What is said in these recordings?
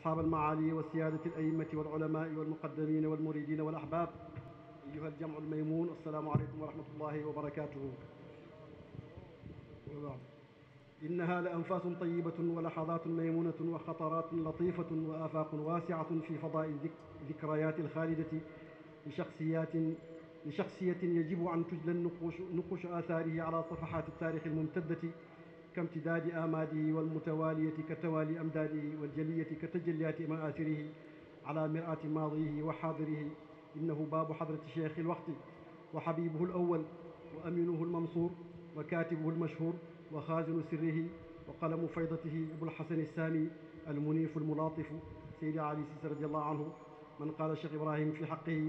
أصحاب المعالي وسيادة الأئمة والعلماء والمقدمين والمريدين والأحباب أيها الجمع الميمون السلام عليكم ورحمة الله وبركاته إنها لأنفاس طيبة ولحظات ميمونة وخطرات لطيفة وآفاق واسعة في فضاء الذكريات الخالدة لشخصيات لشخصية يجب أن تجلى نقوش, نقوش آثاره على صفحات التاريخ الممتدة كامتداد آماده والمتوالية كتوالي أمداده والجلية كتجليات مآثره على مرآة ماضيه وحاضره إنه باب حضرة شيخ الوقت وحبيبه الأول وأمينه المنصور وكاتبه المشهور وخازن سره وقلم فيضته أبو الحسن السامي المنيف الملاطف سيد علي سيسى رضي الله عنه من قال الشيخ إبراهيم في حقه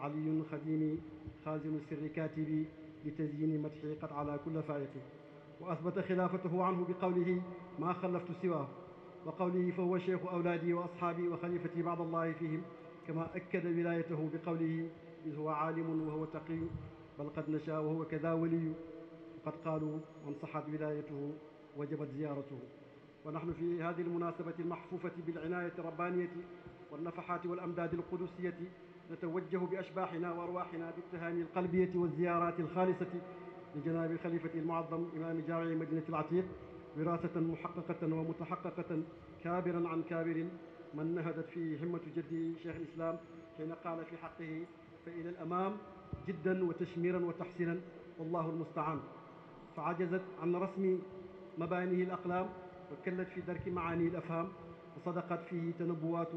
علي خديمي خازن السر كاتبي لتزيين مدحي قد على كل فائقه وأثبت خلافته عنه بقوله ما خلفت سواه وقوله فهو شيخ أولادي وأصحابي وخليفتي بعد الله فيهم كما أكد ولايته بقوله إذ هو عالم وهو تقي بل قد نشا وهو كذا ولي وقد قالوا من صحت ولايته وجبت زيارته ونحن في هذه المناسبة المحفوفة بالعناية الربانية والنفحات والأمداد القدسية نتوجه بأشباحنا وأرواحنا بالتهاني القلبية والزيارات الخالصة لجناب الخليفة المعظم إمام جامع مدينة العتيق وراثة محققة ومتحققة كابرا عن كابر من نهدت فيه همة جده شيخ الإسلام حين قال في حقه فإلى الأمام جدا وتشميرا وتحسينا والله المستعان فعجزت عن رسم مبانيه الأقلام وكلت في درك معانيه الأفهام وصدقت فيه تنبؤات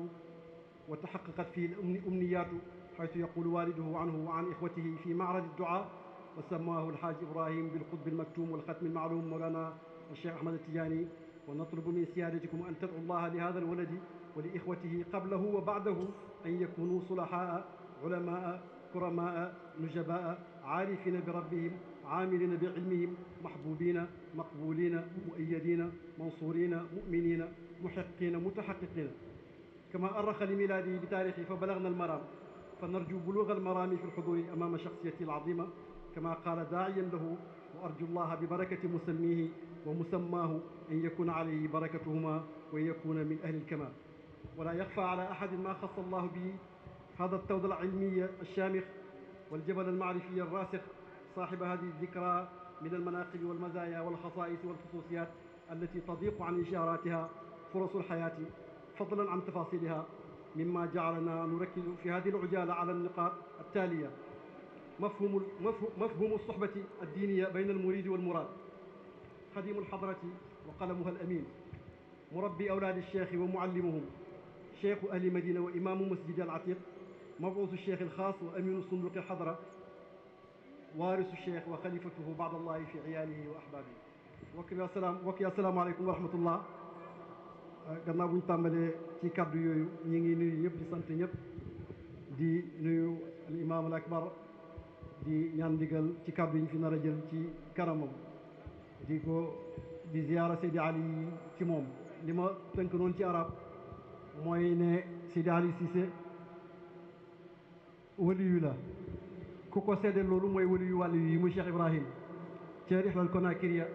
وتحققت فيه الأمنيات حيث يقول والده عنه وعن إخوته في معرض الدعاء وسماه الحاج إبراهيم بالقطب المكتوم والختم المعلوم مولانا الشيخ أحمد التجاني ونطلب من سيادتكم أن تدعوا الله لهذا الولد ولإخوته قبله وبعده أن يكونوا صلحاء علماء كرماء نجباء عارفين بربهم عاملين بعلمهم محبوبين مقبولين مؤيدين منصورين مؤمنين محقين متحققين كما أرخ لميلاده بتاريخه فبلغنا المرام فنرجو بلوغ المرام في الحضور أمام شخصيته العظيمة كما قال داعيا له وأرجو الله ببركة مسميه ومسماه أن يكون عليه بركتهما وأن يكون من أهل الكمال ولا يخفى على أحد ما خص الله به هذا التوض العلمي الشامخ والجبل المعرفي الراسخ صاحب هذه الذكرى من المناقب والمزايا والخصائص والخصوصيات التي تضيق عن إشاراتها فرص الحياة فضلا عن تفاصيلها مما جعلنا نركز في هذه العجالة على النقاط التالية مفهوم مفهوم الصحبة الدينية بين المريد والمراد خديم الحضرة وقلمها الأمين مربي أولاد الشيخ ومعلمهم شيخ أهل مدينة وإمام مسجد العتيق مبعوث الشيخ الخاص وأمين صندوق الحضرة وارث الشيخ وخليفته بعد الله في عياله وأحبابه وكيا السلام وكيا سلام عليكم ورحمة الله آه، gannaaw bu ñu tàmbalee ci kaddu yooyu ñi ngi nuyu ñëpp di di ñaan ndigal ci kàddu ñu fi nar a jël ci kanamam di ko di ziyaara Seydi Ali ci moom li ma tënk noonu ci arab mooy ne Seydi Ali Cissé waliyu la ku ko sedde loolu mooy waliyu wàllu yi muy Cheikh Ibrahim ca Rihlal Konakriya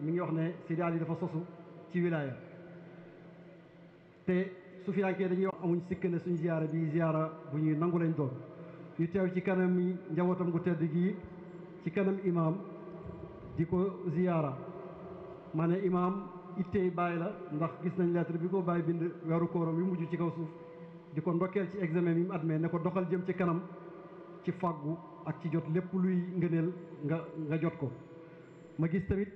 mi ngi wax ne Seydi Ali dafa sosu ci wilaaya te su fi dañuy wax amuñ sikk ne suñ ziyaara bi ziyaara bu ñuy nangu lañ doon yu teew ci kanam mi njawootam gu tedd gi ci kanam imaam di ko ziyaara ma ne imaam ittey baay la ndax gis nañ lettre bi ko baay bind weeru kóoram yu mujj ci kaw suuf di ko ndokkeel ci examen yi mu admee ne ko doxal jëm ci kanam ci fàggu ak ci jot lépp luy ngëneel nga nga jot ko ma gis tamit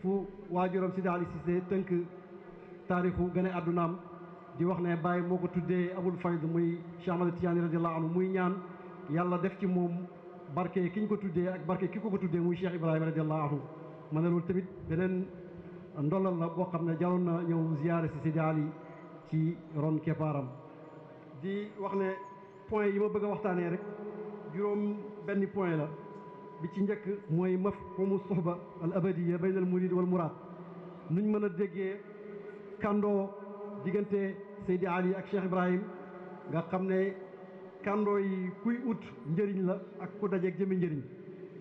fu waajuram si daali Cissé tënk taarixu gane àddunaam di wax ne Baye moo ko tuddee abul fayd muy Cheikh Ahmad Tijaani radiyallahu anhu muy ñaan yàlla def ci moom barke kiñ ko tuddee ak barke ki ko ko tuddee muy Cheikh Ibrahima radiallahu anhu ma ne tamit beneen ndollal la boo xam ne jaroon na ñëw ziyaare si Sidi Ali ci ron keppaaram di wax ne point yi ma bëgg waxtaanee rek juróom benn point la bi ci njëkk mooy mafhumu soxba al abadiya bayn al murid wal muraad nuñ mën a déggee kàndoo diggante Seydi Ali ak Cheikh Ibrahim nga xam ne kàndoo yi kuy ut njëriñ la ak ku dajeeg jëmi njëriñ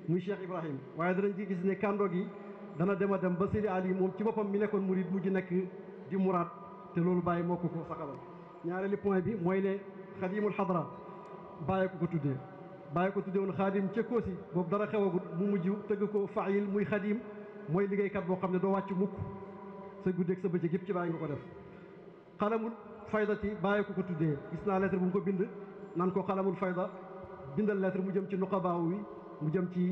muy Cheikh Ibrahim waaye danañ ci gis ne kàndoo gi dana dem a dem ba Seydi Ali moom ci boppam mi nekkoon murid mujj nekk di muraad te loolu bàyyi moo ko ko saxalal ñaareelu point bi mooy ne xadimul xadra bàyyi ko ko tuddee bàyyi ko tuddee woon xaadim ca Koosi boobu dara xewagut mu mujj tëgg ko faayil muy xadim mooy liggéeykat boo xam ne doo wàcc mukk sa guddeeg sa bëccëg yëpp ci bàyyi nga ko def xalamul faydati bàyyi ko ko tuddee gis naa lettre bu ko bind نانكو خالام الفايدا بندل لاتر مجم تي نقباوي مجم تي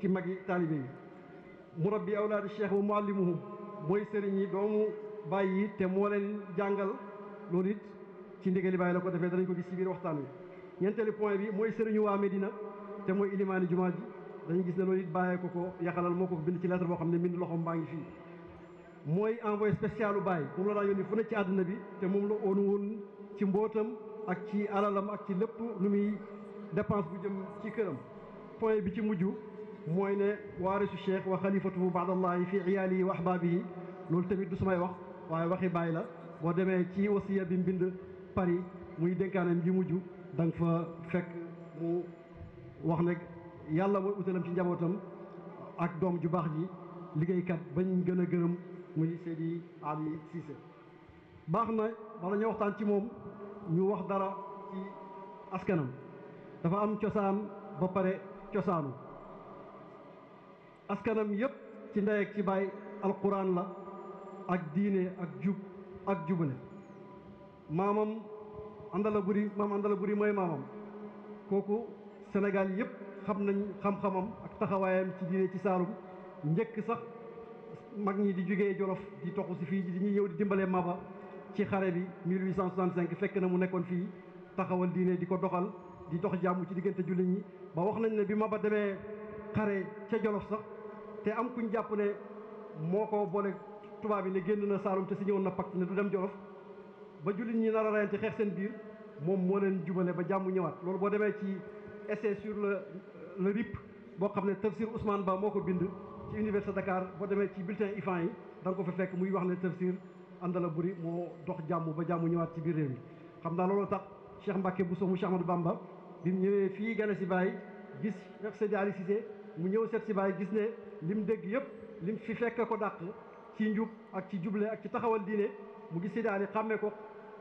تي ماغي طالبي مربي اولاد الشيخ ومعلمهم موي سيرني دومو باي تي مولن جانغال لوليت تي ديغالي باي لاكو دافي دانكو غيسي بير وقتان نينتالي بوين بي موي سيرني وا مدينه تي موي اليمان جمعه dañu gis na loolu it bàyyee ko ko yaqalal moo ko bind ci lettre boo xam ne mbind loxoom baa ngi fii mooy envoyé spécialu bàyyi moom la daan yónni fu ak ci alalam ak ci lépp lu muy dépense bu jëm ci këram point bi ci mujj mooy ne waarisu cheikh wa xalifatuhu baadallahi fi wax wa ahbaabihi loolu tamit du samay wax waaye waxi bàyyi la boo demee ci wasiya bi mbind Paris muy dénkaaneem ji mujj da nga fa fekk mu wax ne yàlla mooy utalam ci njabootam ak doom ju baax ji liggéeykat bañ gën a gërëm muy Seydi Ali Cissé baax na bala ñu waxtaan ci moom ñu wax dara ci askanam dafa am cosaan ba pare cosaanu askanam yépp ci ndey ak ci baay alquran la ak diine ak jub ak jubale maamam àndala buri maam àndala buri mooy maamam kooku Sénégal yépp xam nañ xam-xamam ak taxawaayam ci diine ci Saalum njëkk sax mag ñi di jógee Jolof di toxu si fii di ñuy ñëw di dimbalee Maba ci xare bi 1865 fekk na mu nekkoon fii taxawal diine di ko doxal di dox jàmm ci diggante jullit ñi ba wax nañ ne bi ma ba demee xare ca Jolof sax te am kuñ jàpp ne moo ko boole tubaab yi ne génn na Saalum te si ñëwoon na pacte ne du dem Jolof ba jullit ñi nar a rayante xeex seen biir moom moo leen jubale ba jàmm ñëwaat loolu boo demee ci essai sur le le RIP boo xam ne tafsir Ousmane Ba moo ko bind ci université Dakar boo demee ci bulletin IFAN yi da nga ko fa fekk muy wax ne tafsir àndala buri moo dox jàmmu ba jàmmu ñëwaat ci biir réew mi xam naa loolu tax Cheikh bu Bousso mu Cheikh Ahmadou Bamba bi mu ñëwee fii gane si Baye gis Cheikh Seydi Ali mu ñëw seet si Baye gis ne lim dégg yëpp lim fi fekk ko dàq ci njub ak ci juble ak ci taxawal diine mu gis Seydi Ali xàmmee ko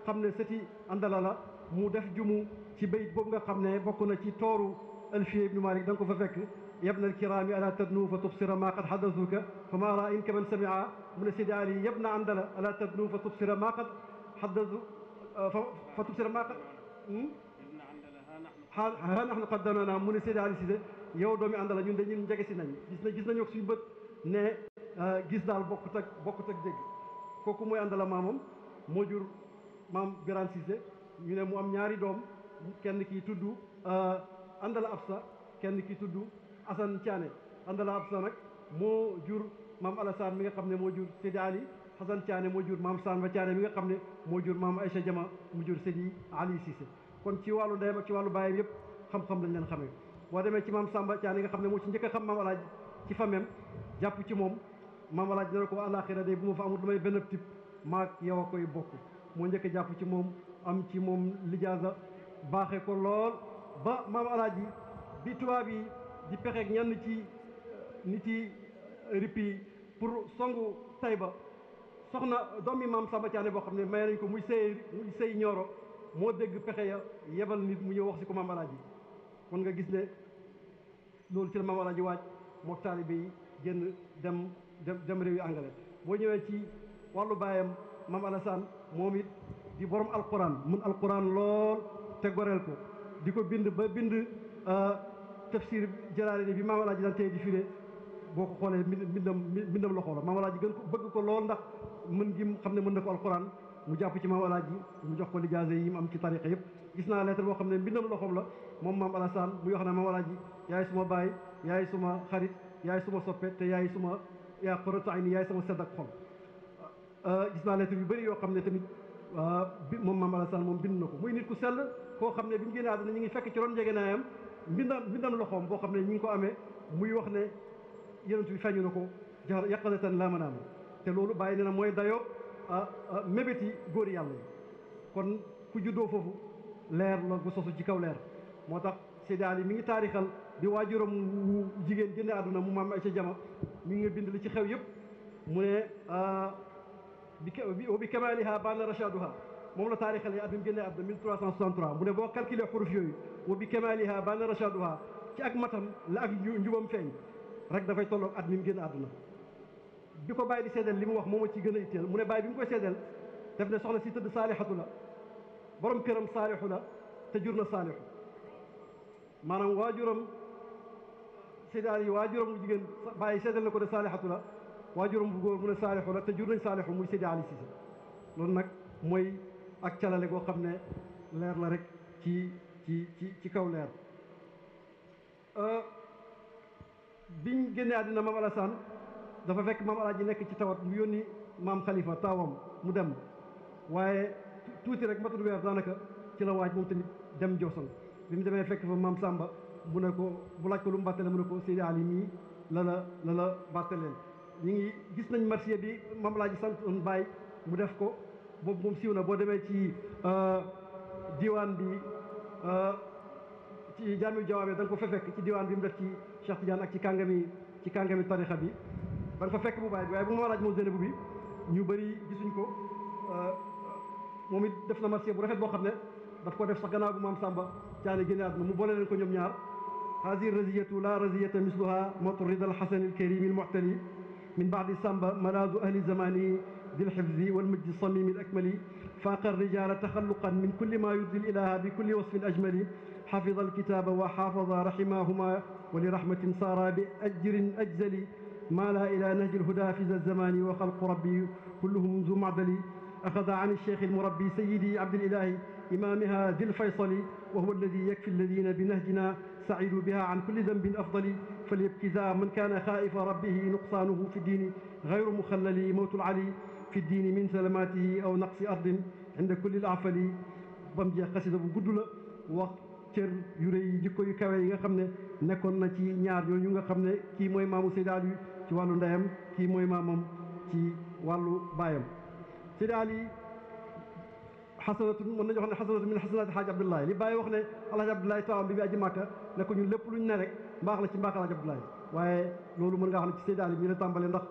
xam ne sëti àndala la mu def jumu ci bayit boobu nga xam ne bokk na ci tooru Alfiya ibnu Malik da nga ko fa fekk يا ابن الكرام ألا تدنو فتبصر ما قد حدثك فما رأي كمن سمع من سيد علي يا ابن عندلة ألا تدنو فتبصر ما قد حدث فتبصر ما قد ها نحن قدمنا من سيد علي سيد yow doomi àndala ñun dañu njege si nañ gis na gis nañu ak suñu bët ne gis daal bokkut ak bokkut ak dégg kooku mooy àndala maamam moo jur maam Birane Cissé ñu ne mu am ñaari doom kenn kii tudd àndala Absa kenn kii tudd Assane Thiané Andala Absa nag moo jur maam Alassane mi nga xam ne moo jur Sidi Ali Assane Thiané moo jur maam Samba Thiané mi nga xam ne moo jur maam Aïcha Jama mu jur Sidi Ali Cissé kon ci wàllu ndeyam ak ci wàllu baayam yëpp xam-xam lañ leen xamee boo demee ci maam Samba Thiané nga xam ne moo ci njëkk a xam maam alaaj ci famem jàpp ci moom maam alaaj dina ko àllaaxira day bu ma fa amul lu may benn tip maag yow a koy bokk moo njëkk jàpp ci moom am ci moom lijaasa baaxee ko lool ba maam yi di ñan ñenn ci euh, nit yi euh, rippi pour songu Taïba soxna doomi maam Samba Thiané boo xam ne may nañ ko muy sëy muy sëy ñooro moo dégg pexe ya yebal nit mu ñëw wax si ko maam Alaaji kon nga gis ne loolu ci la maam Alaaji waaj mook taalibe yi génn dem dem dem réew yi boo ñëwee ci wàllu baayam maam Alassane moom it di borom alquran mun alquran lool te goreel ko di ko bind ba bind euh, tafsir jalaale ni bi maam alaaji daan tey di firé boo ko xoolee mbindam mbindam loxo la maam alaaji gën ko bëgg ko lool ndax mën gi xam ne mën na ko alxuraan mu jàpp ci maam alaaji mu jox ko lijaase yi mu am ci tariqa yëpp gis naa lettre boo xam ne mbindam loxoom la moom maam alassane muy wax ne maam alaaji yaay suma baay yaay suma xarit yaay suma soppe te yaay suma yaa xorata yaay sama sedd ak xol euh, euh, gis naa lettre yu bëri yoo xam ne tamit euh, bi moom maam alassane moom bind na ko muy nit ku sell koo xam ne bi mu génnee àdduna ñu ngi fekk ci ron njegeenaayam mbindam mbindam loxoom boo xam ne ñi ngi ko amee muy wax ne yonent bi feeñu na ko jaar yàqalatan laa manaam te loolu bàyyi ne na mooy dayoo ah, ah, mébét yi góor yàlla yi kon ku juddoo foofu leer la gu sosu ci kaw leer moo tax Seydi Ali mi ngi taarixal bi waajuram wu jigéen génne àdduna mu maam Aysa Jama mu ngi bind li ci xew yëpp mu ne ah, bi bi kamaaliha baana rashaduha مولا تاريخ لي ابي مجلي عبد 1363 مون بو كالكيلي حروف يوي وبكمالها بان رشادها كي اك ماتام لا اك نيوبم فاي رك دا فاي تولوك اد ميم ген ادنا ديكو باي دي سيدل لي مو واخ موما سي غنا ايتيل مون باي بيم كو سيدل داف نه سوخنا كرم صالح لا تجورنا صالح مانام واجورم سيدالي واجورم جيجن باي سيدل نكو دي صالحه لا واجورم بو غور مون صالح لا تجورنا صالح مو سيدي علي سيسي لون نك ak calale goo xam ne leer la rek ci ci ci ci kaw leer euh, biñ génnee àddina maam Alassane dafa fekk maam Alaaji nekk ci tawat mu yónni maam Khalifa taawam mu dem waaye tuuti rek matul weer daanaka ci la waaj moom tamit dem Jooson bi mu demee fekk fa maam sàmba mu ne ko bu laaj lu mu bàttalee mu ne ko Seydi Ali mii la la la la bàttaleen ngi gis nañ marché bi maam Alaaji santoon bàyyi mu def ko boobu moom siiw na boo demee ci diwaan bi ci jaami jawaab da nga ko fa fekk ci diwaan bi mu def ci Cheikh Tidiane ak ci kàngami ci kàngami tarixa bi da nga fa fekk bu bàyyi bi bu ma laaj moom Zeynabou bi ñu bëri gisuñ ko moom it def na marché bu rafet boo xam daf ko def sax gannaaw bu maam Samba Thiané génne àdduna mu boole leen ko ñoom ñaar هذه الرزية لا رزية مثلها مطرد الحسن الكريم المعتلي من بعد سامبا ملاذ أهل زمانه ذي الحفظ والمجد الصميم الأكمل فاق الرجال تخلقا من كل ما يدل الإله بكل وصف أجمل حفظ الكتاب وحافظ رحماهما ولرحمة صار بأجر أجزل مالا إلى نهج الهدى في ذا الزمان وخلق ربي كلهم ذو معدل أخذ عن الشيخ المربي سيدي عبد الإله إمامها ذي الفيصل وهو الذي يكفي الذين بنهجنا سعدوا بها عن كل ذنب أفضل فليبكي ذا من كان خائف ربه نقصانه في الدين غير مخلل موت العلي في الدين من سلاماته أو نقص أرض عند كل الأعفل bam jeex xasida bu gudd la wax cër yu rëy yi jikko yu kawe yi nga xam ne nekkoon na ci ñaar ñooñu nga xam ne kii mooy maamu Seydi Ali ci wàllu ndeyam kii mooy maamam ci wàllu baayam Seydi Ali xasanatu mën nañu wax ne xasanatu min xasanati xaaj Abdoulaye li bàyyi wax ne alhaji Abdoulaye taawam bi bi aji màkka ne ko ñun lépp luñ ne rek mbaax la ci mbaax alhaji Abdoulaye waaye loolu mën nga xam ci Seydi Ali mi la tàmbale ndax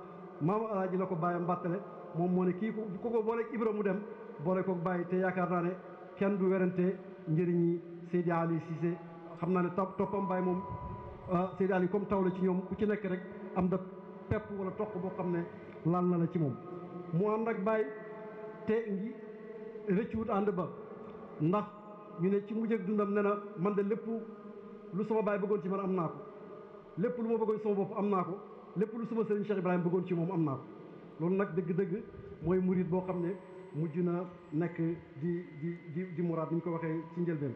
maamu alhaji la ko baayam bàttale moom moo ne kii ku ko booleeg Ibra mu dem boole ko bàyyi te yaakaar naa ne kenn du werante njëriñi Seydi Ali Cissé xam naa ne topp toppam bàyyi moom ah, Seydi Ali comme taw la ci ñoom ku ci nekk rek am da pepp wala toq boo xam ne laal na la ci moom moo am ak bàyyi te ngi rëccuwut ànd ba ndax ñu ne ci mujjëg dundam ne na man de lépp lu sama baay bëggoon ci man am naa ko lépp lu ma bëggoon sama naa ko lépp lu sama sëriñ Cheikh Ibrahima bëggoon ci moom am naa ko loolu nag dëgg-dëgg mooy murit boo xam ne mujj na nekk di di di di muraad ni ñu ko waxee ci njëlbeen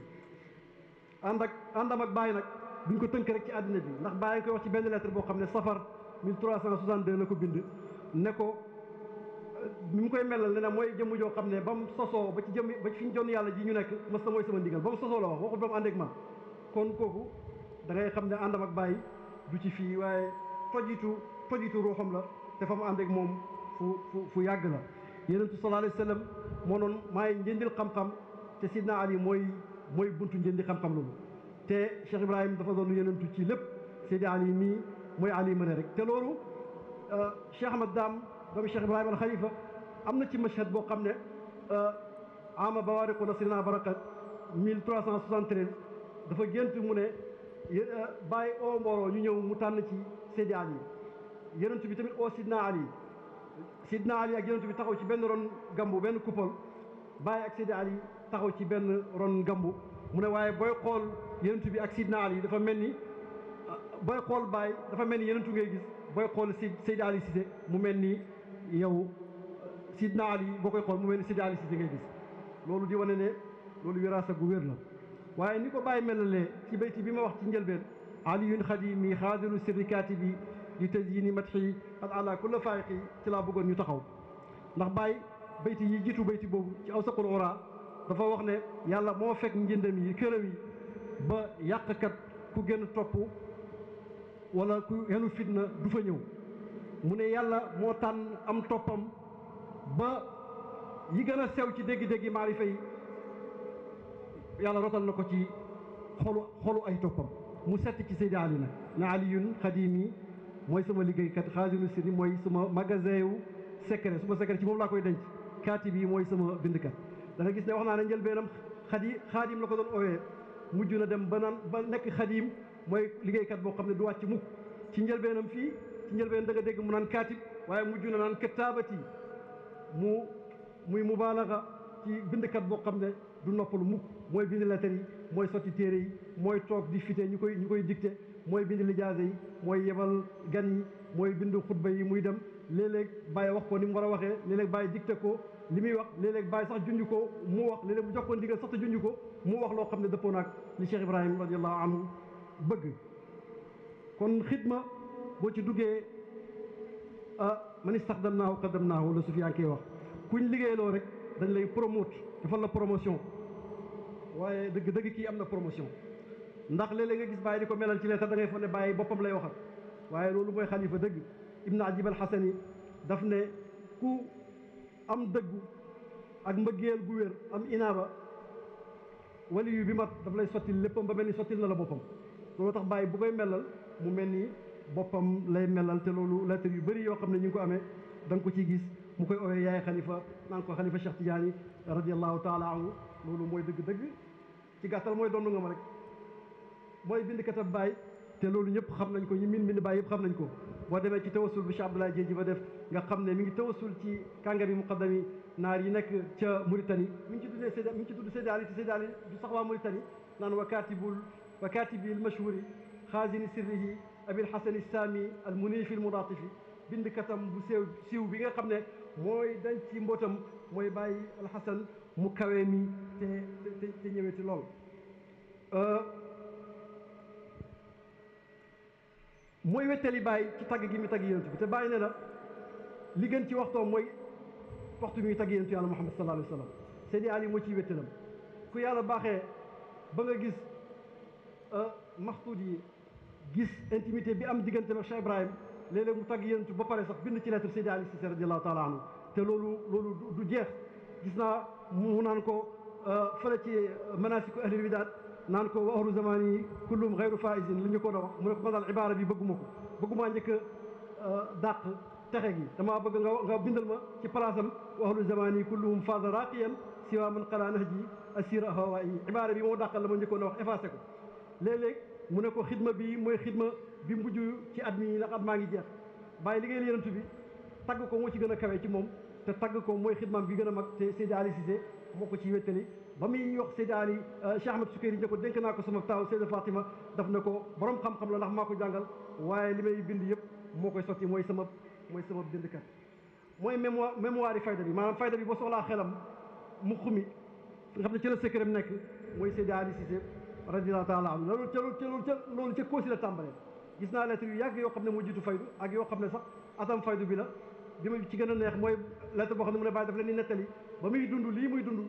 ànd ak àndam ak bàyyi nag duñ ko tënk rek ci àddina bi ndax bàyyi nga koy wax ci benn lettre boo xam ne safar 1362 la ko bind ne ko mi euh, mu koy melal ne mooy jëmm joo xam ne ba mu sosoo ba ci jëm ba fi ñu doon yàlla ji ñu nekk mas na mooy sama ndigal ba mu sosoo la wax waxul ba mu ànd ak ma kon kooku da ngay xam ne àndam ak bàyyi du ci fii waaye tojitu tojitu ruuxam la te fa mu ànd moom fu fu fu yàgg la yonentu sallallahu alayhi wa moo noon maay njëndil xam-xam te sidna ali mooy mooy buntu njëndi xam-xam loolu te Cheikh Ibrahima dafa doon yonentu ci lépp seydi ali mii mooy ali mëne rek te loolu euh, Cheikh Ahmad Dame doomu Cheikh Ibrahima al Xalifa am na ci mashhad boo xam ne euh, ama bawaariqu nasrina barakat 1373 dafa gént mu ne euh, bàyyi oo ñu ñëw mu tànn ci seydi ali yonent bi tamit oo Sidna Ali Sidna Ali ak yonent bi taxaw ci benn ron gambu benn kuppal bàyyi ak Sidna Ali taxaw ci benn ron gambu mu ne waaye booy xool yonent bi ak Sidna Ali dafa mel ni booy xool Baye dafa mel ni yonentu ngay gis booy xool si Seydina Ali Cissé mu mel ni yow Sidna Ali boo koy xool mu mel ni Seydina Ali Cissé ngay gis loolu di wane ne loolu wiraasa gu wér la waaye ni ko Baye melalee ci bayti bi ma wax ci njëlbeen aliyun xadimi xaadiru sirri kaatibi di tazyini madhi qad ala kulli faayiqi ci laa bëggoon ñu taxaw ndax Baye bayti yi jiitu bayti boobu ci aw saqul ura dafa wax ne yàlla moo fekk njëndam yi këraw yi ba yàqkat ku gën topp wala ku henu fitna du fa ñëw mu ne yàlla moo tànn am toppam ba yi gën sew ci dégg-déggi maarifa yi yàlla rotal na ci xolu xolu ay toppam mu sett ci Seydi Ali na na aliyun xadimi moy sama kat xaazinu sirri moy sama magasin wu secret sama secret ci bobu la koy denc kaatib yi mooy sama kat da nga gis ne waxna na ñël benam khadi khadim lako don owe oowee na dem banan ba nek khadim moy liggéeykat kat bo xamne du wàcc mu ci ñël benam fi ci ñël njëlbeen da nga deg mu nan katib waye mujj na nan këttaabati mu muy mubalagha ci bind kat bo xamne du noppalu mu moy bind la tari moy soti téré yi mooy toog di fite ñukoy ñukoy ñu mooy bind lijaasa yi mooy yebal gan yi mooy bind xutba yi muy dem léeg-léeg bàyyi wax ko ni mu war a waxee léeg-léeg bàyyi te ko li muy wax léeg-léeg bàyyi sax junj ko mu wax léeg bu jox ko ndigal sax te junj ko mu wax loo xam ne dëppoo naag li Cheikh Ibrahim radiallahu anhu bëgg kon xidma boo ci duggee ah man istaxdam naahu qaddam naahu la sufiyaa ngi koy wax kuñ liggéeyloo rek dañ lay promote defal la promotion waaye dëgg dëgg kii am na promotion ndax lé leeg nga gis bàyyi di melal ci lé leetar da ngay fone baye bopam lay waxal waye lolu moy khalifa deug ibn ajib al hasani daf ne ku am deug ak mbëggeel gu wér am inaba wali yu bi mat daf lay soti léppam ba melni soti na la bopam lolu tax baye bu koy melal mu melni bopam lay melal te loolu lettre yu bari yo xamné ne ñu ko amé dang ko ci gis mu koy owe yaay khalifa nang ko khalifa Cheikh Tidiane radiallahu taala anhu loolu mooy deug degg ci gatal moy donu nga ma rek moy bind bindkatab bay te lolou ñep xam nañ ko ñi min bind bay yep xam nañ ko bo deme ci tawassul bi Cheikh Abdoulaye Dieng ba def nga xam ne mi ngi tawassul ci kàngami muqaddam yi naar yi nek ci Mauritanie mi ngi tuddé tuddee mi ngi ci tudd Seydi Ali te Ali du sax wa Mauritanie nan wa katibul wa kaatibi al mashhuri xaasini sirrihi abi xasani saami al muniifi al muraatifi bindkatam bu sew siiw bi nga xam ne moy dañ ci mbootam mooy bàyyi alxasan mu kawe mi te te ñëwé ci lool moy wettali bay ci tag gi mi tag yentou bi te bàyyi ne na li gën ci waxto moy waxtu mi tag yentou yàlla muhammad sallallahu alayhi wasallam sallam Seydi Ali mo ci wettalam ku yàlla baxé ba nga gis euh yi gis intimité bi am digënté ak Cheikh Ibrahim lélé mu tag yentou ba pare sax bind ci lettre Seydi Ali Cissé radhiyallahu taala anhu te lolu lolu du jeex gis na mu nan ko euh fa la ci manasiku ahlil bidat naan ko wa ahlu zaman yi kullum xayru faisin li ñu ko doon wax mu ne ko man daal ibaara bi bëgguma ko bëggumaa njëkk a dàq texe gi damaa bëgg nga nga bindal ma ci palaasam wa ahlu zaman yi kulluhum faada raqiyan siwa man xalaa nax ji asira hawa yi ibaara bi moo dàqal la ma njëkkoon a wax effacé ko léeg-léeg mu ne ko xidma bi mooy xidma bi mujj ci at mi ndax at maa ngi jeex bàyyi liggéeyal yonent bi tagg ko moo ci gën a kawe ci moom te tagg ko mooy xidmaam gi gën a mag te Seydi Ali Cissé moo ko ci wéttali ba muy wax séddaani Cheikh Ahmed Sukayri ne ko dénk naa ko sama taaw Seyda Fatima daf na ko borom xam-xam la ndax maa ko jàngal waaye li may bind yëpp moo koy sotti mooy sama mooy sama bindkat mooy mémoire mémoire yi fayda bi maanaam fayda bi boo soxlaa xelam mu xumi nga xam ne ci la secret nekk mooy Seyda Ali Cissé radiyallahu taala anhu loolu ca loolu ca loolu ca Koosi la tàmbalee gis naa lettre yu yàgg yoo xam ne moo jiitu faydu ak yoo xam ne sax atam faydu bi la bi ma ci gën a neex mooy lettre boo xam ne mu ne bàyyi daf leen di nettali ba muy dund lii muy dund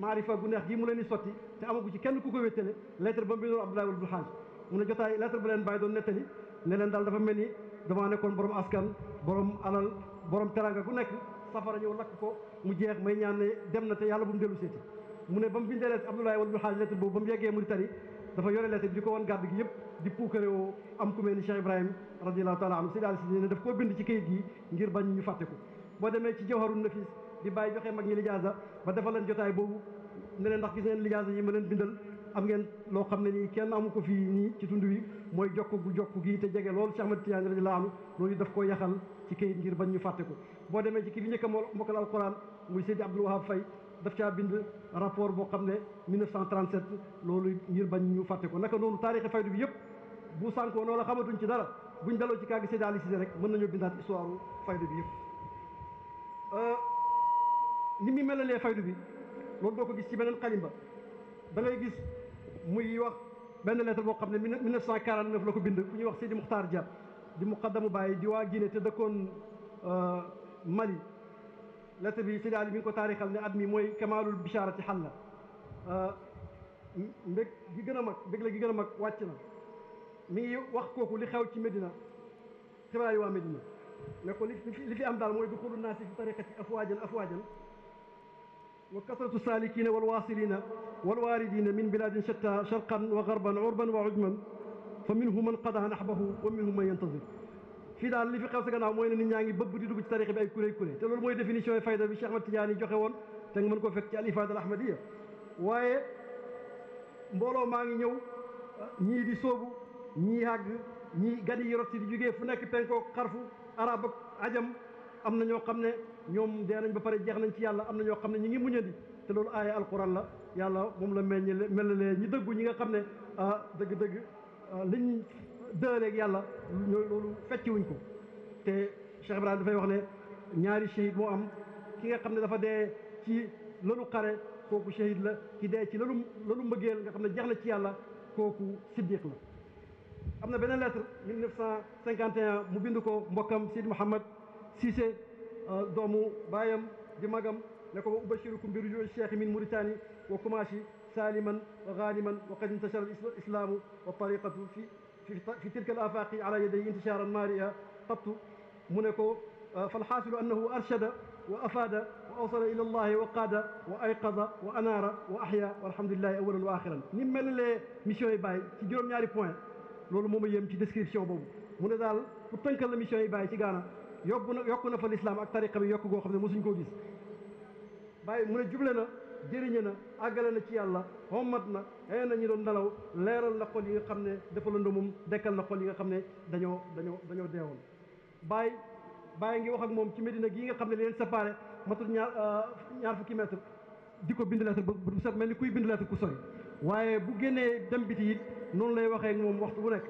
maarifa gu neex gi mu leen di sotti te amagu ci kenn ku ko wéttale lettre ba mu bindoon Abdoulaye Wade Bulxaaj mu ne jotaay lettre ba leen bàyyi doon nettali ne leen daal dafa mel ni damaa nekkoon borom askan borom alal borom teranga gu nekk safara ñëw lakk ko mu jeex may ñaan ne dem na te yàlla bu mu dellu seeti mu ne ba mu bindee lettre Abdoulaye Wade Bulxaaj lettre boobu ba mu yeggee mu di tari dafa yore lettre bi di ko wan gàdd gi yëpp di puukare woo am ku mel ni Cheikh Ibrahima radiallahu taala anhu si daal si daf koo bind ci kayit gi ngir bañ ñu fàtte ko boo demee ci jawharun nafis di bàyyi joxe mag ñi lijaasa ba defal leen jotaay boobu ne leen ndax gis ngeen lijaasa yi ma leen bindal am ngeen loo xam ne nii kenn amu ko fii nii ci tund wi mooy jokk gu jokk gi te jege loolu Cheikh Ahmad Tidiane radiyallaahu anhu loolu daf ko yaxal ci kayit ngir bañ ñu fàtte ko boo demee ci ki fi njëkk a mokkal alquran muy Seydi Abdoul Wahab Faye daf caa bind rapport boo xam ne 1937 loolu ngir bañ ñu fàtte ko naka noonu taarixi faydu bi yëpp bu sànkoo noonu la xamatuñ ci dara buñ daloo ci kaa gi Seydi Ali Cissé rek mën nañoo bindaat histoire faydu bi yëpp euh, ni mu melalee faydu bi loolu doo ko gis ci beneen xalimba da ngay gis muy wax benn lettre boo xam ne 1949 la ko bind ku ñuy wax Sidi Muxtaar Dia di muqaddamu Baye di waa Guinée te dëkkoon Mali lettre bi Sidi Ali mi ngi ko taarixal ne at mi mooy kamaalul bichara ci xal la mbég gi gën a mag mbég la gi gën a mag wàcc na mi ngi wax kooku li xew ci Medina xibaar yi waa Medina ne ko li fi am daal mooy duxulu naasi fi tariqati afwaajan afwaajan وكثرة السالكين والواصلين والواردين من بلاد شتى شرقا وغربا عربا وعجما فمنه من قضى نحبه ومنهم من ينتظر في دار اللي في خمسة كان عموين إن يعني ببدي دوب التاريخ بأي كله كله تلو الموي ديفينيشن في فايدة بشيء أحمد تجاني جو خوان تنج من كوفك تالي فايدة الأحمدية واي بولو ماني نيو ني دي صوب ني هاغ ني غادي يروح تيجي فنك بينكو كارفو عربك عجم am na ñoo xam ne ñoom dee nañ ba pare jeex nañ ci yàlla am na ñoo xam ne ñi ngi muñandi te loolu aaya alquran la yàlla moom la mel meññ melalee ñi dëggu ñi nga xam ne ah dëgg-dëgg ah, liñ dëëleeg yàlla ñooy loolu fecciwuñ ko te Cheikh Ibrahima dafay wax ne ñaari shahid moo am ki nga xam ne dafa dee ci lalu xare kooku shahid la ki dee ci lalu loolu mbëggeel nga xam ne jeex na ci yàlla kooku siddiq la am na beneen lettre 1951 mu bind ko mbokkam Sidi Mouhamad سيسي دومو euh, baayam di magam ne ko wa ubashirukum bi rujuu cheikh سالما وغانما وقد انتشر الإسلام والطريقة في في, في تلك الآفاق على يدي انتشارا مارئا قط منكو فالحاصل أنه أرشد وأفاد وأوصل إلى الله وقاد وأيقظ وأنار وأحيا والحمد لله أولا وآخرا نمال لي ميشيون باي تي جوم نياري بوين لولو موما يم تي ديسكريبسيون بوبو من دال بو تنكال ميشيون باي تي غانا yóbbu nag yokku na fa lislaam ak tariqa bi yokku goo xam ne mosuñ koo gis bàyyi mu ne juble na jëriñe na àggale na ci yàlla xommat na xëy na ñi doon nelaw leeral na xol yi nga xam ne dafa lëndëm moom dekkal na xol yi nga xam ne dañoo dañoo dañoo deewoon bàyyi bàyyi ngi wax ak moom ci Medina gii nga xam ne leen séparé matul ñaar euh, ñaar fukki mètre di ko bind lettre bu set mel ni kuy bind lettre ku sori waaye bu génnee dem biti yi noonu lay waxee ak moom waxtu bu nekk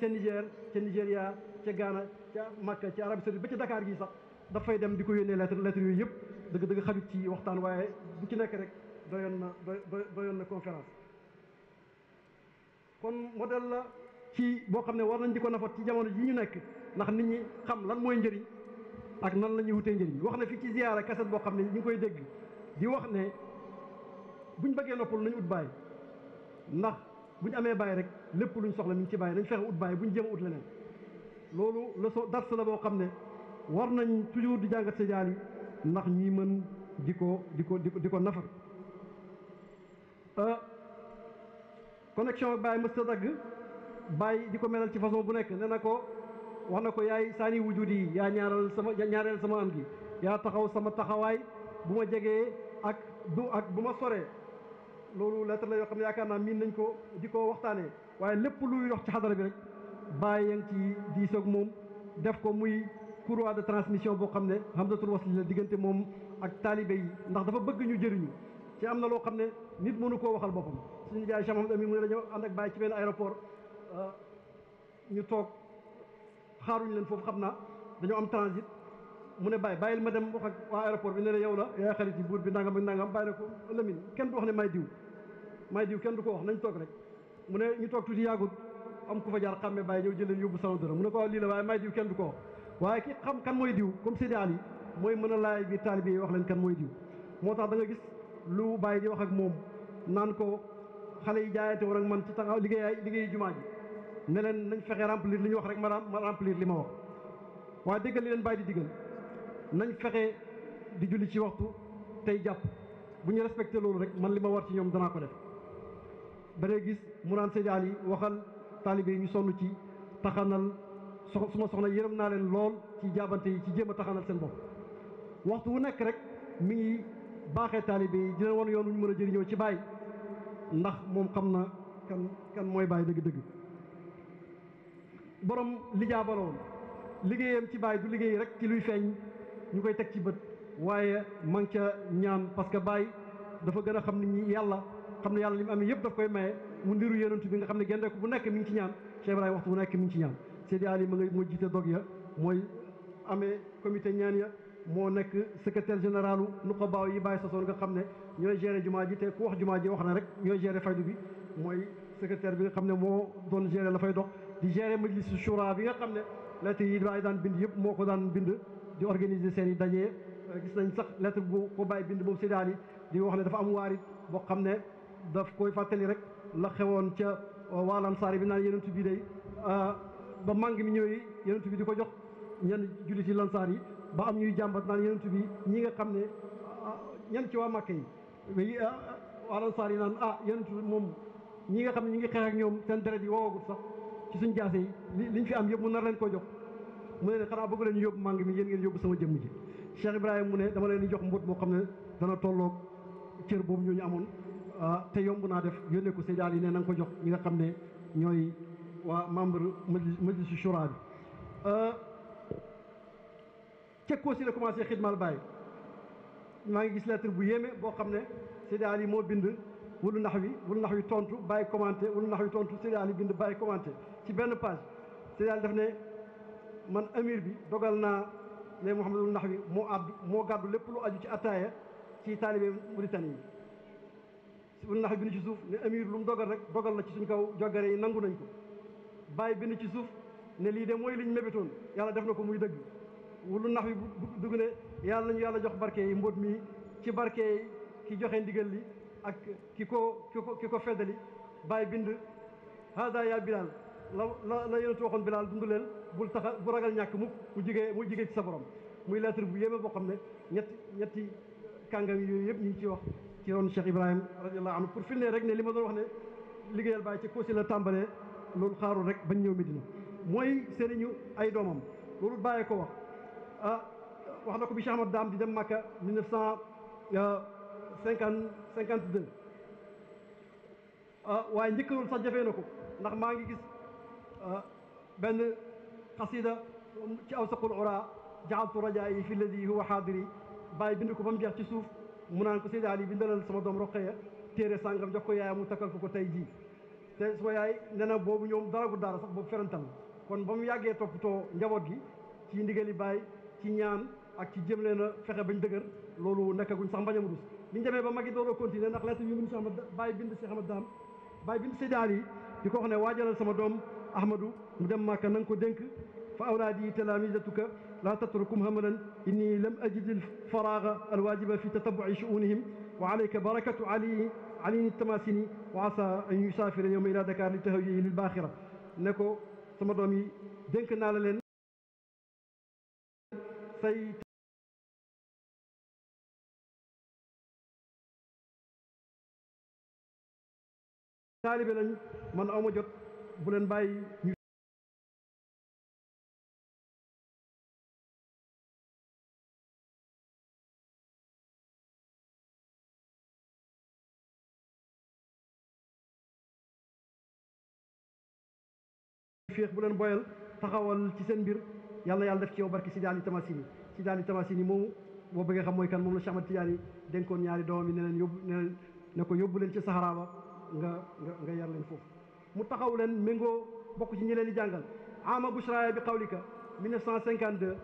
ca Niger ca Nigéria ca Ghana ca Makka ca Arabie Saoudite ba ca Dakar gii sax dafay dem di ko yónnee lettre lettre yooyu yëpp dëgg dëgg xajut ci waxtaan waaye bu ci nekk rek doyoon na doyoon na conférence kon modèle la ci boo xam ne war nañ di ko nafat ci jamono ji ñu nekk ndax nit ñi xam lan mooy njëriñ ak nan la ñuy wutee njëriñ wax na fii ci ziyaara kaset boo xam ne ñu ngi koy dégg di wax ne buñ bëggee noppal nañu ut bàyyi ndax buñ amee bàyyi rek lépp luñ soxla mi ngi ci bàyyi nañ fexe ut bàyyi buñ jéem a ut leneen loolu leçon dars la boo xam ne war nañ toujours di jàngat sijaan yi ndax ñi mën di ko di ko di ko nafar euh, connexion ak Baye mësta dagg Baye di ko melal ci façon bu nekk nee na ko wax na ko yaay saani wujud yi yaa ñaaral sama ñaareel sama am gi yaa taxaw sama taxawaay bu ma jegee ak du ak bu ma soree loolu lettre la yoo xam yaakaar naa miin nañ ko di ko waxtaanee waaye lépp luy yox ci xadara bi rek bàyyi ci def ko muy courroie de transmission boo xam hamdatul wasli la diggante moom ak taalibe yi ndax dafa bëgg ñu jëriñu ci nit mënu koo waxal boppam suñu jaay Cheikh Mahamad Amin mu ne dañoo ànd ak bàyyi ci benn aéroport ñu toog xaaruñu leen am transit mu ne ma dem wax ak aéroport bi ne la yow la xarit bi nangam nangam ko Lamine kenn du wax ne may diw may diw kenn du ko wax nañ rek mu ne ñu am ku fa jaar xàmme bàyyi ñëw jëleen yóbbu sama dërëm mu ne ko waaw lii la waaye may diw kenn du ko waaye ki xam kan mooy diw comme Seydi Ali mooy mën a laay bi taalibe yi wax leen kan mooy diw moo tax da nga gis lu bàyyi di wax ak moom naan ko xale yi jaayante woon ak man ci taxaw liggéey liggéey jumaa ji ne nañ fexe remplir li ñu wax rek ma ma remplir li ma wax waaye déggal li leen bàyyi di diggal nañ fexe di julli ci waxtu tey jàpp bu ñu respecté loolu rek man li ma war ci ñoom danaa ko def taalibe yi ñu sonn ci taxanal sox suma soxna yërëm naa leen lool ci jaabante yi ci jéem a taxanal seen bopp waxtu wu nekk rek mi ngi baaxee taalibe yi di leen yoon wu ñu mën a jëriñoo ci baay ndax moom xam na kan kan mooy baay dëgg-dëgg borom lijaaba la woon liggéeyam ci baay du liggéey rek ci luy feeñ ñu koy teg ci bët waaye man ca ñaan parce que baay dafa gën a xam ni ñu yàlla xam ne yàlla li mu amee yëpp daf koy maye mu ndiru yonent bi nga xam ne gendeeku bu nekk mi ngi ñaan Cheikh Ibrahima waxtu bu nekk mi ci ñaan Seydi Ali ma nga moo jiite dog ya mooy amee comité ñaan ya moo nekk secretaire général nu ko baaw yi bàyyi sosoon nga xam ne ñooy gérer jumaa ji te ku wax jumaa ji wax na rek ñooy gérer faydu bi mooy secrétaire bi nga xam ne moo doon gérer la fay dox di gérer majlis shura bi nga xam ne lettre yi daan bind yëpp moo ko daan bind di organiser seen i dajee euh, gis nañ sax lettre bu ko bàyyi bind moom Seydi Ali di wax ne dafa am waari boo xam ne daf koy fàttali rek la xewoon ca waalansaari bi naan yenentu bi day ah, ba màng mi ñëwee yenentu bi di ko jox ñenn jullit yi lansaar yi ba am ñuy jàmbat naan yenentu bi ñi nga xam ne ah, ñenn ci waa Màkka yi ah, waalansaar yi naan ah yenentu moom ñi nga xam ne ñi ngi xeex ak ñoom seen deret yi woowagul sax ci suñ jaase yi li liñ fi am yëpp mu nar leen koo jox mu ne xanaa bëgg leen ñu yóbbu màng mi yéen ngeen yóbbu sama jëmm ji Cheikh Ibrahima mu ne dama leen di jox mbóot moo xam ne dana tolloog cër boobu ñooñu amoon Ah, te yomb naa def yónnee ko séddaal yi ne na ko jox ñi nga xam ne ñooy waa membre majlisu shura bi ah, cekkoo si la commencé xidmal bàyyi maa ngi gis lettre bu yéeme boo xam ne séddaal moo bind wulu nax wi wulu nax wi tontu bàyyi commenté wulu nax wi tontu séddaal yi bind bàyyi commenté ci benn page séddaal daf ne man amir bi dogal naa ne Mouhamadul nax wi moo àddu moo gàddu lépp lu aju ci attaaya si taalibe Mauritanie yi nax bi ni ci suuf ne amir lu mu dogal rek dogal na ci suñ kaw jogare yi nangu nañ ko bàyyi bi ci suuf ne lii de mooy liñ mébétoon yàlla def na ko muy dëgg lu nax wi dugg ne yàlla nañu yàlla jox barke yi mbóot mi ci barke yi ki joxe ndigal li ak ki ko ki ki ko feddali bàyyi bind haada yaa bilaal la la la yonentu waxoon bilaal dund leen bul taxa bu ragal ñàkk mukk ku jigee mu jigee ci sa borom muy lettre bu yéeme boo xam ne ñetti ñetti kàngam yooyu yëpp ñu ngi ciy wax كيرون شيخ إبراهيم رضي الله عنه بروفيل رك نلي ما دروه نه لقيال باي تكوسي لتامبلة لول خارو رك بنيو مدينة موي سرينيو أي دومم لول باي كوا ا وحنا كوبي شامر دام دي دم مكة 1952 ا واي نيك لول سجفة نكو نح ما عندي كيس بن قصيدة تأوسق القراء جعلت رجائي في الذي هو حاضري باي بنكو بمجاتي سوف mu naan ko Seydi Ali bindalal sama doom Roqaya téere sàngam jox ko yaayam mu takkal ko ko tey jii te sama yaay nee na boobu ñoom dara gu dara sax boobu ferantal kon ba mu yàggee toppatoo njaboot gi ci ndigali baay ci ñaan ak ci jëm leen a fexe bañ dëgër loolu nekkaguñ sax mbañam rus biñ demee ba magi dooloo continuer ndax lettre yu mun si xamad bàyyi bind si xamad daam bàyyi bind Seydi Ali di ko wax ne waajalal sama doom Ahmadou mu dem Màkka na nga ko dénk fa awlaadi talaamisatuka لا تتركهم هملا إني لم أجد الفراغ الواجب في تتبع شؤونهم وعليك بركة علي علي التماسني وعسى أن يسافر اليوم إلى دكار لتهويه للباخرة نكو سمرمي doom yi سي naa من أمجد say taalibe féex bu leen boyal taxawal ci seen mbir yàlla yàlla def ci yow barke Sidi Ali Tamasini Sidi Ali Tamasini moomu boo bëggee xam mooy kan moom la Cheikh Ahmad Tidiane dénkoon ñaari doomam yi ne leen yóbbu ne leen ne ko yóbbu leen ci Sahara ba nga nga nga yar leen foofu mu taxaw leen méngoo bokk ci ñi leen di jàngal ama bushraya bi qawlika 1952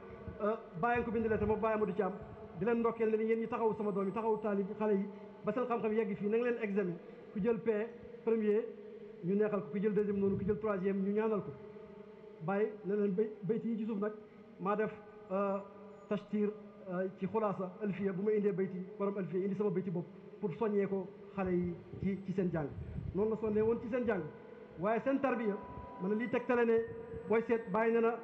bàyyi ko bind lettre boobu bàyyi Amadou Thiam di leen ndokkeel ne yéen ñi taxaw sama doom yi taxaw taalib xale yi ba seen xam-xam yegg fii na nga leen examen ku jël P premier ñu neexal ko ki jël deuxième noonu ki jël troisième ñu ñaanal ko bàyyi ne leen bay bayti yi ci suuf nag maa def tashtir ci xulaasa alfiya bu ma indee bayti borom alfiya indi sama bayti bopp pour soññee ko xale yi ci ci seen jàng noonu la sonnee woon ci seen jàng waaye seen tarbiya ma ne lii tegtale ne booy seet bàyyi na na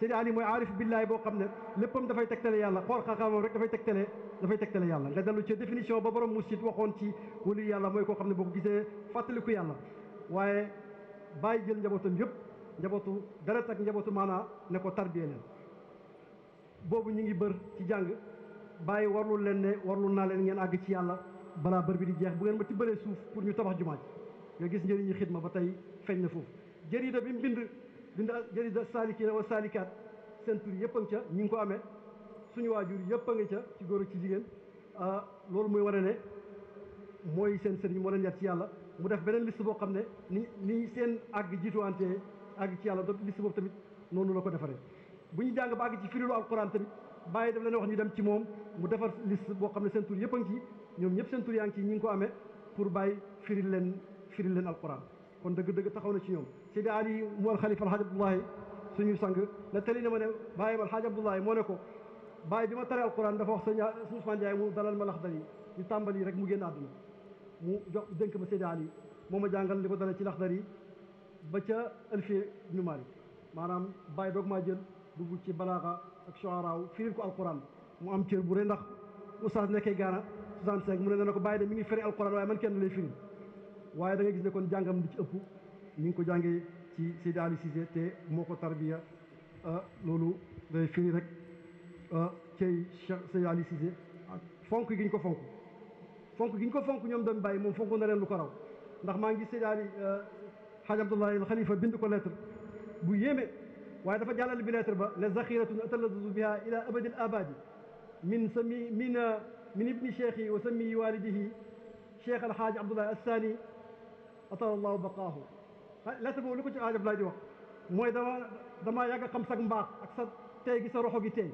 Seydi Ali mooy aarif billaay boo xam ne léppam dafay tegtale yàlla xool xaqaamam rek dafay tegtale dafay tegtale yàlla nga dellu ci définition ba borom mursid waxoon ci wali yàlla mooy koo xam ne boo ko gisee fàttaliku yàlla waaye bàyyi jël njabootam yëpp njabootu deret ak njabootu maanaa ne ko tarbiye leen boobu ñu ngi bër ci jàng bàyyi warlu leen ne warlu naa leen ngeen àgg ci yàlla balaa bër bi di jeex bu ngeen ma tibbalee suuf pour ñu tabax jumaa ji nga gis njëriñu ma ba tey feeñ na foofu jërida bi mbind bind jërida saalikiina wa saalikaat seen tur yëpp a ca ñu ngi ko ame suñu waajur yëpp a ngi ca ci góor ak ci jigéen ah, loolu mooy wane ne mooy seen sëriñ moo leen yar yàlla mu def beneen liste boo xam ne ni ni seen àgg jiituwantee àgg ci yàlla do liste boobu tamit noonu la ko defaree bu ñu jàng ba àgg ci firilu alquran tamit bàyyi daf leen wax ñu dem ci moom mu defar liste boo xam ne seen tur yëpp a ngi ñoom ñëpp seen tur yaa ngi ci ñi ko ame pour bàyyi firil leen firil leen alquran kon dëgg-dëgg taxaw na ci ñoom Seydi Ali mu al xalifa alxaaj abdullahi suñu sang ne tali na ma ne bàyyi alxaaj abdullahi moo ne ko bàyyi bi ma tare alquran dafa wax sëñ Ousmane Ndiaye dalal ma lax dal yi tàmbali rek mu génn mu jox dénk ma Seydi Ali moo ma jàngal li ko dale ci laxdar yi ba ca Alfiya ibnu Malik maanaam bàyyi doog maa jël dugg ci balaaxa ak shuaraaw firil ko alquran mu am cër bu rëy ndax oustaz nekkee gaana 65 mu ne na ko bàyyi de mi ngi firi alquran waaye man kenn lay firil waaye da ngay gis ne kon jàngam li ci ëpp ñu ngi ko jàngee ci Seydi Ali Cissé te moo ko tarbiya ah, loolu day firi rek ah, cey Cheikh Ali Cissé ak fonk gi ñu ko fonk fonk gi ñu ko fonk ñoom doon bàyyi moom fonk na leen lu ko raw ndax maa ngi gis daal di xaaj Abdullahi al Xalifa bind ko lettre bu yéeme waaye dafa jàllale bi lettre ba la zaxiratun ataladu biha ila abadil abadi min sami min min ibni cheikhi wa sami walidihi cheikh alxaaj Abdullahi Assani atal allahu baqaahu lettre boobu li ko ci xaaj Abdullahi di wax mooy dama damaa yàgg a xam sag mbaax ak sa tey gi sa roxo gi tey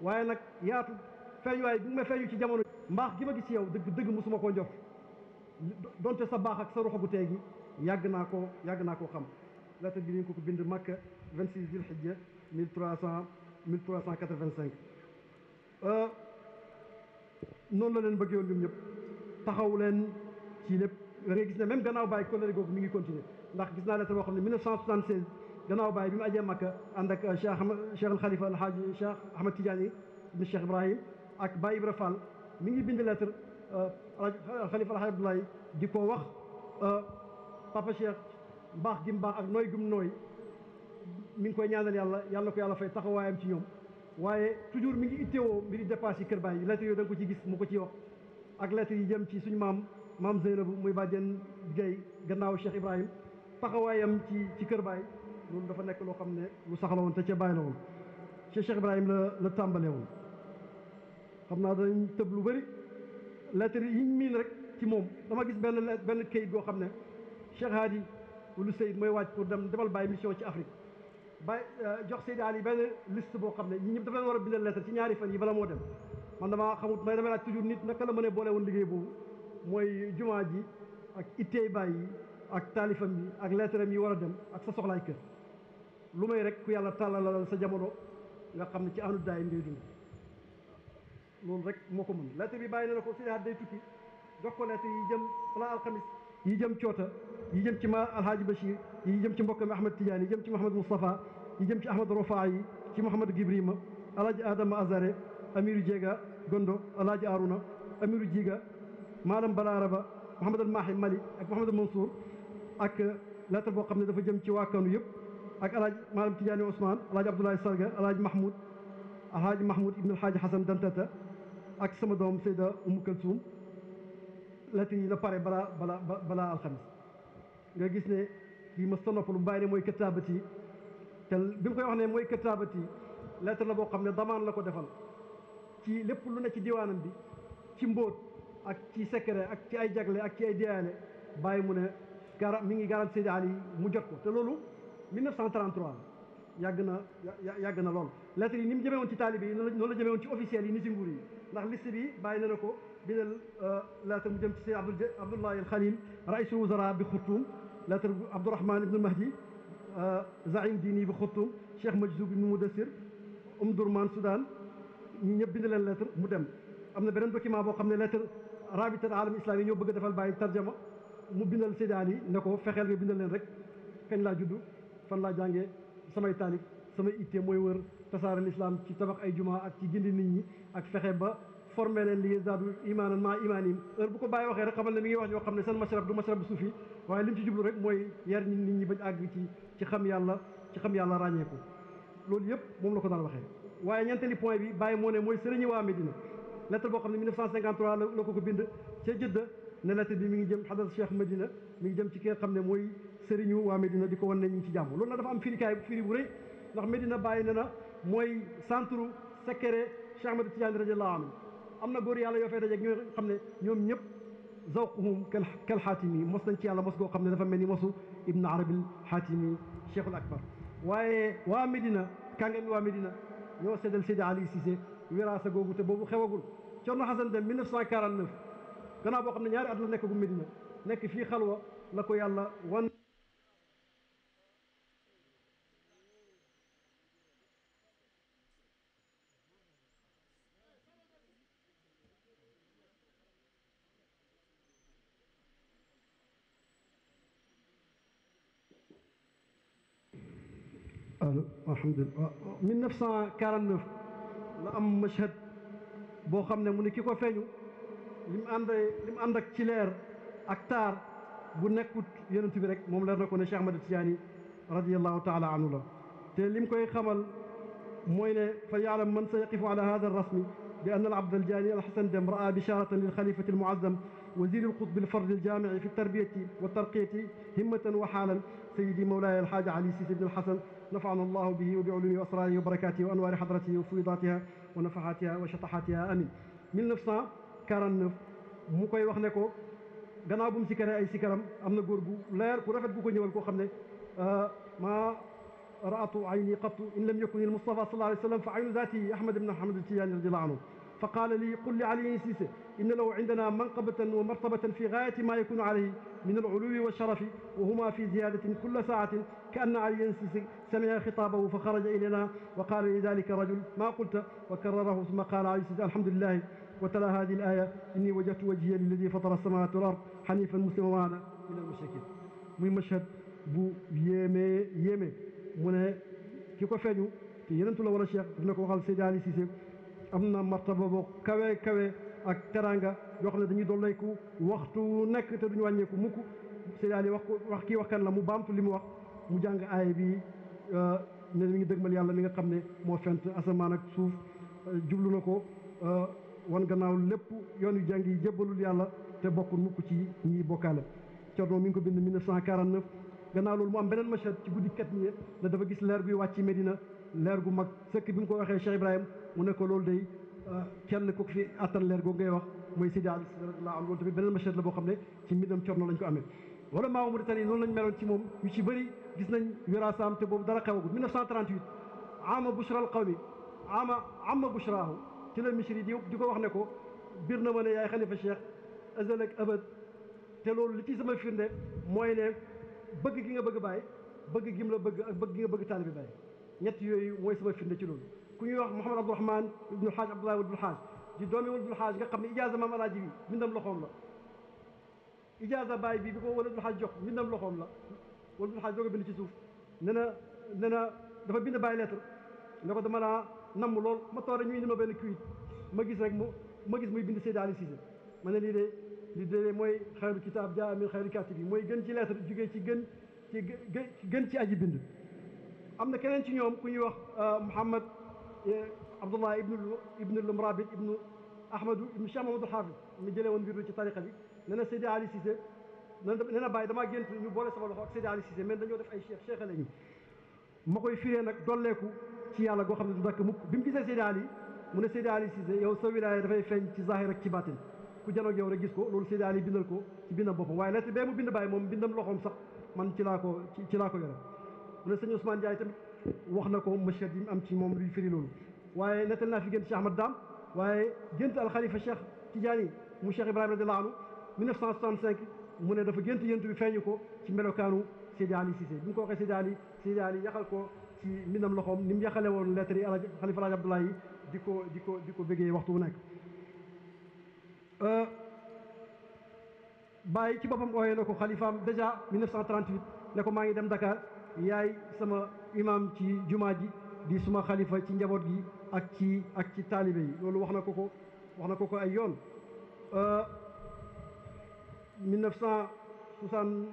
waaye nag yaatu feeñuwaay bi ma feeñu ci jamono mbaax gi ma gis yow dëgg dëgg mosuma koo njort donte sa baax ak sa ruxagu tey gi yàgg naa koo yàgg naa koo xam lettre bi ñu ko ko bind Makka 26 Dul Hijja 1300 1385 noonu la leen bëggee woon ñoom ñëpp taxaw leen ci lépp da ngay gis ne même gannaaw bàyyi kóllëre googu mi ngi continuer ndax gis naa lettre boo xam ne 1976 gannaaw bàyyi bi mu ajee Makka ànd ak Cheikh Cheikh al Khalifa al Haaji Cheikh Ahmad Tidiane ibn Cheikh Ibrahim ak Baye Ibra Fall mi ngi bind lettre xalifa euh, Alxaaj Abdoulaye di ko wax euh, Papa Cheikh mbaax gi mbaax ak nooy gum nooy mi ngi koy ñaanal yàlla yàlla ko yàlla fay taxawaayam ci ñoom waaye toujours mi ngi itteewoo mbiri dépasse yi kër baay yi lettres yooyu da ko ci gis mu ko ci wax ak lettres yi jëm ci suñu maam maam Zeynabu muy bàjjen Gay gannaaw Cheikh Ibrahim taxawaayam ci ci kër baay loolu dafa nekk loo xam ne lu saxla woon te ca bàyyi la woon Cheikh Ibrahim la la tàmbale xamna naa teub lu bari lettre yi ñu min rek ci mom dama gis ben ben kayit go xamne Cheikh Hadi Ould seyd moy wacc pour dem defal bay mission ci Afrique bay jox seyd Ali ben liste bo xamne ñi ñep dafa wara war bindal lettre ci ñaari fan yi bala mo dem man dama xamut may dama la toujours nit naka la mëne bolé won liggéey boobu moy jumaa ji ak ittey bay yi ak talifam yi ak lettre yi wara dem ak sa soxlay keur lumay rek ku yàlla tàllalal sa jamono nga xamne ci ahlu daay ngay dund loolu rek moo ko mën lettre bi bàyyi na la ko Sidi Hadj day tukki jox ko lettre yi jëm plan alxamis yi jëm coota yi jëm ci ma alhaaji Bachir yi jëm ci mbokkam Ahmed Tidiane yi jëm ci Mouhamed Moustapha yi jëm ci Ahmed Rofa yi ci Mouhamed Gibrima alaaji Adama Azare Amiru Diega Gondo alaaji Aruna Amiru Diiga Malam Balaraba Mouhamed al Mahi Mali ak Mouhamed Mansour ak lettre boo xam ne dafa jëm ci waa Kano yëpp ak alaaji Malam Tidiane Ousmane alaaji Abdoulaye Sarga alaaji Mahmoud alaaji Mahmoud Ibn Alhaaji Hasan Dantata ak sama doom Seyda Umu Kalsum latin yi la pare balaa balaa balaa alxamis nga gis ne kii ma sa nopp lu bàyyi ne mooy këttaabati te bi mu koy wax ne mooy këttaabati lettre la boo xam ne damaan la ko defal ci lépp lu ne ci diwaanam bi ci mbóot ak ci secret ak ci ay jagle ak ci ay diyaane bàyyi mu ne gara mi ngi garant Seydi Ali mu jot ko te loolu 1933 yàgg na yàgg na lool lettre yi ni mu jëmee woon ci taalibe yi noonu la jëmee woon ci officiels yi ni ci nguur yi ndax liste bi bàyyi na la ko bindal lettre mu jëm ci sëñ Abdou Abdoulaye al Khalil raisul wuzara bi xurtum lettre bu Abdourahman ibnu Mahdi zaim diini bi xurtum Cheikh Majzoub ibnu Mudassir Omdurman Soudan ñi ñëpp bind leen lettre mu dem am na beneen document boo xam ne lettre rabitat alam islam yi ñoo bëgg defal bàyyi tarjama mu bindal sédaan yi ne ko fexeel nga bindal leen rek kañ laa judd fan laa jàngee samay taalib samay ittee mooy wër tasaaral islam ci tabax ay juma ak ci gindi nit ñi ak fexe ba formé leen li zaadu imaanan maa imaanim heure bu ko bàyyi waxee rek xamal ne mi ngi wax yoo xam ne seen masrab du masrab suufi waaye lim ci jublu rek mooy yar nit ñi bañ àgg ci ci xam yàlla ci xam yàlla ràññeeku loolu yëpp moom la ko daan waxee waaye ñeenteeli point bi bàyyi moo ne mooy sëriñi waa Medina lettre boo xam ne 1953 la ko ko bind ca Jëdda ne lettre bi mi ngi jëm xadar Cheikh Medina xam ne mooy sëriñu waa Medina di ko wan ne ñu ngi ci jàmm loolu nag mooy centre secret Cheikh Ahmed Tidiane radiallahu anhu am na góor yàlla yoo fay dajeeg ñoo xam ne ñoom ñëpp zawquhum kal xaatimi mos nañ ci yàlla mos goo xam ne dafa mel ni mosu ibn arabil xaatimi cheikhul akbar waaye waa Medina kàngami waa Medina ñoo seddal Seydi Ali Cissé wiraasa googu te boobu xewagul Cerno Xasan Dem 1949 gannaaw boo xam ne ñaari at la nekk gu Medina nekk fii xalwa la ko yàlla wan الحمد لله آه، آه، من نفسا كارن نف لا أم مشهد بو خامن مو نيكو لم اند لم اندك تي لير اكتار بو نيكوت يونت بي ريك موم احمد تياني رضي الله تعالى عنه لا تي لم كوي خمال موي نه فيعلم من سيقف على هذا الرسم بان العبد الجاني الحسن دم راى بشاره للخليفه المعظم وزير القطب الفرد الجامع في التربيه والترقيه همه وحالا سيدي مولاي الحاج علي سيدي بن الحسن نفعنا الله به وبعلومه وأسراره وبركاته وأنوار حضرته وفويضاتها ونفحاتها وشطحاتها آمين من نفسا كارن نف موكاي وخنكو غناو بوم سيكنا اي سيكرام امنا غور لير كو رافت بوكو نيوال كو خامني آه، ما رات عيني قط ان لم يكن المصطفى صلى الله عليه وسلم فعين ذاتي احمد بن محمد التياني رضي الله عنه فقال لي قل لعلي سيسي إن له عندنا منقبة ومرتبة في غاية ما يكون عليه من العلو والشرف وهما في زيادة كل ساعة كأن علي سيسي سمع خطابه فخرج إلينا وقال لذلك الرجل ما قلت وكرره ثم قال علي سيسي الحمد لله وتلا هذه الآية إني وجهت وجهي للذي فطر السماوات والأرض حنيفا مسلما وأنا من المشركين muy مشهد بو يمي يمي من كيكو فاجو ko feeñu ولا شيخ la wala cheikh dina ko am na martaba boo kawee kawe ak teraanga yoo xam ne dañuy dolleeku waxtu nekk te duñu wàññeeku mukk Seydi wax ko wax kii wax kan la mu baamtu li mu wax mu jàng aay bi euh, ne mi ngi mal yàlla li nga xam ne moo fent asamaan ak suuf euh, jublu na ko euh, wan gannaaw lépp yoon yu jàng yi jébbalul yàlla te bokkul mukk ci ñiy bokkaale Cerno mi ngi ko bind 1949 gannaaw loolu mu am beneen machad ci guddi kat ne dafa gis leer guy wàcc Medina leer gu mag sëkk bi mu ko waxee Cheikh Ibrahim mu ne ko loolu day kenn ku fi attan leer googu ngay wax mooy Sidi Ali laa am loolu tamit beneen machette la boo xam ne ci mbindam corno lañ ko amee wala maamu Mauritanie noonu lañ meloon ci moom yu ci bëri gis nañ wiraasaam te boobu dara xewagul 1938 ama bushra al qawmi ama ama bushraahu ci la misri di di ko wax ne ko bir na ma ne yaay xalifa cheikh azal ak abad te loolu li ci sama firnde mooy ne bëgg gi nga bëgg bàyyi bëgg gi mu la bëgg ak bëgg gi nga bëgg taalibi bàyyi ñett yooyu mooy sama firnde ci loolu كوني واخ محمد عبد الرحمن ابن الحاج عبد الله ولد الحاج دي دومي ولد الحاج غا خامي اجازه مام الله جيبي مندم لوخوم لا اجازه باي بي بيكو ولد الحاج جوخ مندم لوخوم لا ولد الحاج دوغا بن سي سوف ننا ننا دا فا بين باي لتر نكو دما لا نام لول ما تور ني نيما بن كويت ما غيس رك مو ما غيس موي بن سيد علي سيسي مانا لي دي لي دي موي خير الكتاب جاء من خير الكاتب موي گن سي لتر جوغي سي گن سي گن سي ادي بند amna kenen ci ñoom ku ñuy wax محمد euh, عبد الله ibn ibn al-Murabit ibn Ahmad ibn Cheikh Mamadou Hafiz mi jëlee woon mbir mi ci tariqa bi nee na Seydi Ali Cissé nee na bàyyi damaa gént ñu boole sama loxo ak Seydi Ali Cissé mais dañoo def ay cheikh cheikh lañu ma koy firee nag dolleeku ci yàlla goo xam ne du dakk mukk bi mu gisee Seydi Ali mu ne Seydi Ali Cissé yow sa wilaaya dafay feeñ ci zahir ak ci baatin ku janoog yow rek gis ko loolu Seydi Ali bindal ko ci bindam boppam waaye lettre bee mu bind bàyyi moom bindam loxoom sax man ci laa ko ci laa ko yore mu ne sëñ Ousmane Ndiaye tamit wax na ko monsieur bi mu am ci moom luy firi loolu waaye nettal naa fi gént Cheikh Ahmad Dame waaye gént alxalifa Cheikh Tidiane mu Cheikh Ibrahima radiyallahu anhu 1965 mu ne dafa gént yént bi feeñu ko ci melokaanu Seydi Ali Cissé bi ko waxee Seydi Ali Seydi Ali yaxal ko ci mbindam loxoom ni mu yaxale lettre yi alaaj xalifa alaaj Abdoulaye di ko di ko waxtu wu nekk bàyyi ci boppam ooyee na ko xalifaam déjà 1938 ne ko ngi dem Dakar yaay sama imam ci jumaa ji di suma xalifa ci njaboot gi ak ci ak ci taalibe yi loolu wax na ko ko wax na ko ko ay yoon 1971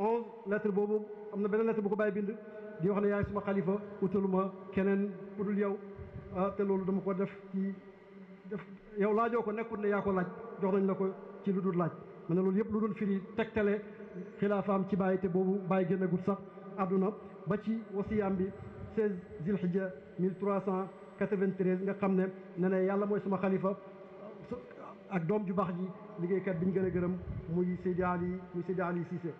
euh, lettre boobu am na beneen lettre bu ko bàyyi bind di wax na yaay suma xalifa ma keneen ku dul yow euh, te loolu dama ko def ci def yow laajoo ko nekkul na yaa ko laaj jox nañ la ko ci lu dul laaj ma ne loolu yëpp lu doon firi tegtale xilaafaam ci bàyyi te boobu bàyyi génn gut sax aduna ba ci wasiyam bi 16 zilhijja 1393 nga xamne ne ne yàlla moy sama khalifa ak dom ju bax ji ligey kat biñu gëna a muy Seydi Ali muy Seydi Ali Cissé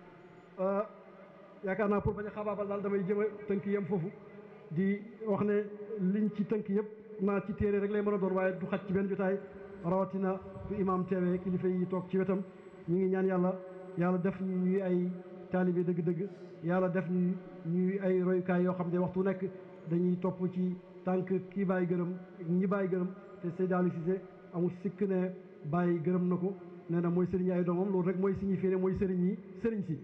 yaakaar naa pour bañ a xabaabal daal damay jëm teunk tënk yem foofu di wax ne liñ ci teunk yep naa ci téré rek lay mëna door waye du xaj ci ben jotaay rawatina du imam tewé kilifa yi tok ci wetam ñi ngi ñaan yàlla yàlla def ñuy ay taalibe dëgg-dëgg yàlla def ñu ñuy ay royukaay yoo xam ne waxtu nekk dañuy topp ci tànk kii bàyyi gërëm ñi bàyyi gërëm te Seydina Aliou Cissé amul sikk ne bàyyi gërëm na ko nee na mooy sëriñ ay doomam loolu rek mooy signifié ne mooy sëriñ yi sëriñ si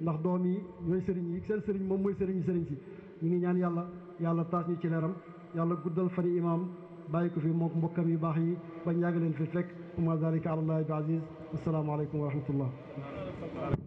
ndax doom yi ñooy sëriñ yi seen sëriñ moom mooy sëriñ yi sëriñ si ñu ngi ñaan yàlla yàlla taas ñu ci leeram yàlla guddal i imaam bàyyi ko fi mook mbokkam yu baax yi bañ yàgg leen fii fekk wa ma dalika ala allahi bi aziz